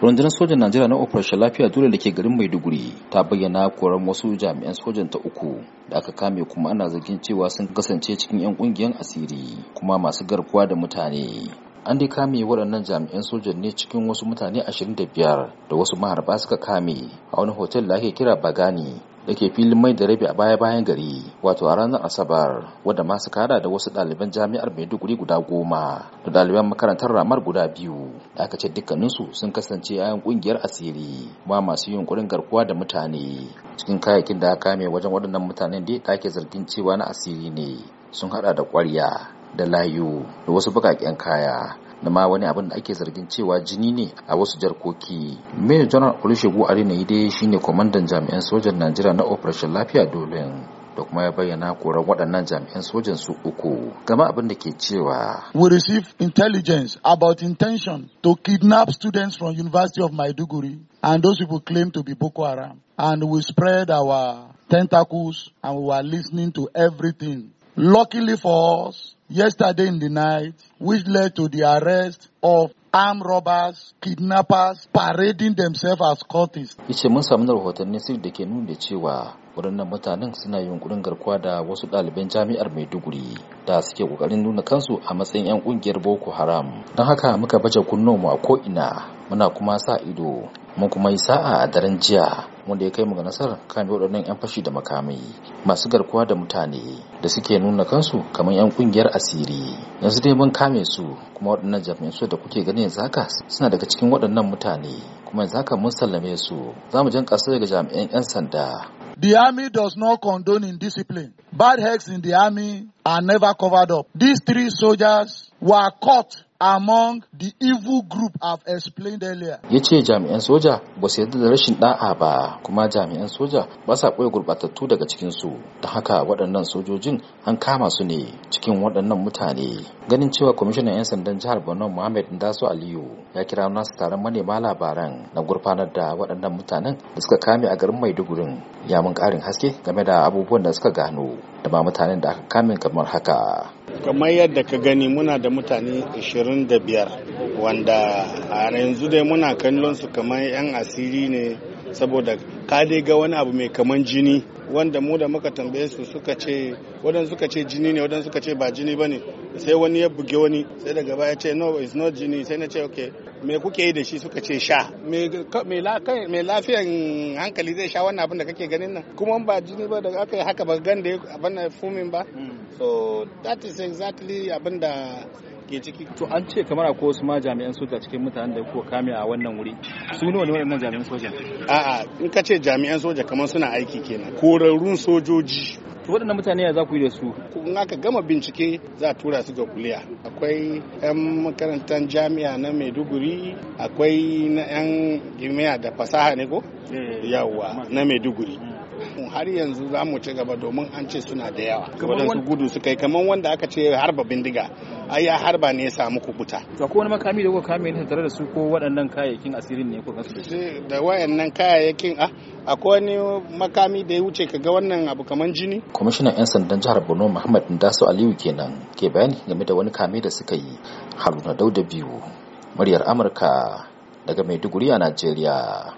rundunar sojan najeriya na operation lafiya dole da ke garin maiduguri ta bayyana koran wasu jami'an sojan ta uku da aka kame kuma ana zargin cewa sun kasance cikin 'yan kungiyar asiri kuma masu garkuwa da mutane an dai kame waɗannan jami'an sojan ne cikin wasu mutane 25 da wasu maharba suka kame a wani hotel da ake kira bagani da ke filin mai da rabi a baya-bayan gari wato a ranar asabar wadda masu kada da wasu ɗaliban jami'ar mai maiduguri guda goma da ɗaliban makarantar ramar guda biyu da aka ce dukkaninsu sun kasance yayan ƙungiyar asiri ma masu yunkurin garkuwa da mutane cikin kayayyakin da aka kame wajen waɗannan mutanen dai da ake zargin cewa na asiri ne sun hada da ƙwarya da layu da wasu bakaken kaya da ma wani abin da ake zargin cewa jini ne a wasu jarkoki. Major General Olusegun Arinayi dai shine kwamandan jami'an sojan Najeriya na Operation Lafiya Dolin da kuma ya bayyana koran waɗannan jami'an sojan su uku Gama abin da ke cewa. We receive intelligence about intention to kidnap students from University of Maiduguri and those people claim to be Boko Haram and we spread our tentacles and we were listening to everything Luckily for us, yesterday in the night, which led to the arrest of armed robbers, kidnappers parading themselves as cultists. Ice mun samu rahotanni sirri da ke nuna cewa waɗannan mutanen suna yunkurin garkuwa da wasu ɗaliban jami'ar Maiduguri da suke ƙoƙarin nuna kansu a matsayin 'yan ƙungiyar Boko Haram. Don haka muka baje kunnuwanmu a ko'ina muna kuma sa ido mun kuma yi sa'a a daren jiya wanda ya kai mu ga nasarar kan waɗannan 'yan fashi da makamai masu garkuwa da mutane da suke nuna kansu kamar 'yan ƙungiyar asiri yanzu dai mun kame su kuma waɗannan jami'an su da kuke gani yanzu haka suna daga cikin waɗannan mutane kuma yanzu haka mun sallame su za mu jan ƙasa daga jami'an 'yan sanda The army does not condone indiscipline. Bad heads in the army are never covered up. These three soldiers were caught among the evil group I've explained earlier. Ya ce jami'an soja ba su yarda da rashin da'a ba kuma jami'an soja ba sa ɓoye gurɓatattu daga cikinsu da haka waɗannan sojojin an kama su ne cikin waɗannan mutane. Ganin cewa kwamishinan 'yan sandan jihar Borno Muhammad Ndaso Aliyu ya kira nasu taron manema labaran na gurfanar da waɗannan mutanen da suka kame a garin Maiduguri ya mun ƙarin haske game da abubuwan da suka gano da ma mutanen da aka kame kamar haka. kamar yadda ka gani muna da mutane 25 wanda a yanzu dai muna kallon su kamar 'yan asiri ne saboda ka dai ga wani abu mai kaman jini wanda mu da muka tambaye su suka ce wadan suka ce jini ne wadan suka ce ba jini bane sai wani ya buge wani sai daga baya ce no it's not jini sai na ce okay me kuke yi da shi suka ce sha me lafiyan hankali zai sha wannan abin da kake ganin nan kuma ba jini ba da aka yi haka ba gan da abin fumin ba mm. so that is exactly abin da ke ciki to an ce kamar ko su ma jami'an soja cikin mutanen da kuka kame a wannan wuri su ne wani wannan jami'an soja a'a in ka ce jami'an soja kamar suna aiki kenan korarrun sojoji to waɗannan mutane ya za ku yi da su in aka gama bincike za a tura su ga kuliya akwai 'yan makarantar jami'a na maiduguri akwai na 'yan gimiya da fasaha ne ko eh. yawwa na maiduguri har yanzu za mu ci gaba domin an ce suna da yawa waɗansu gudu su kai kamar wanda aka ce harba bindiga ai ya harba ne ya samu kubuta to ko wani makami da kuka kame ne tare da su ko waɗannan kayayyakin asirin ne ko kasu da wayannan kayayyakin a ah, akwai wani makami da ya wuce kaga wannan abu kamar jini kwamishinan yan sandan jihar Borno Muhammad Ndaso Aliyu kenan ke bayani game da wani kame da suka yi Haruna Dauda biyu muryar Amurka daga Maiduguri a Najeriya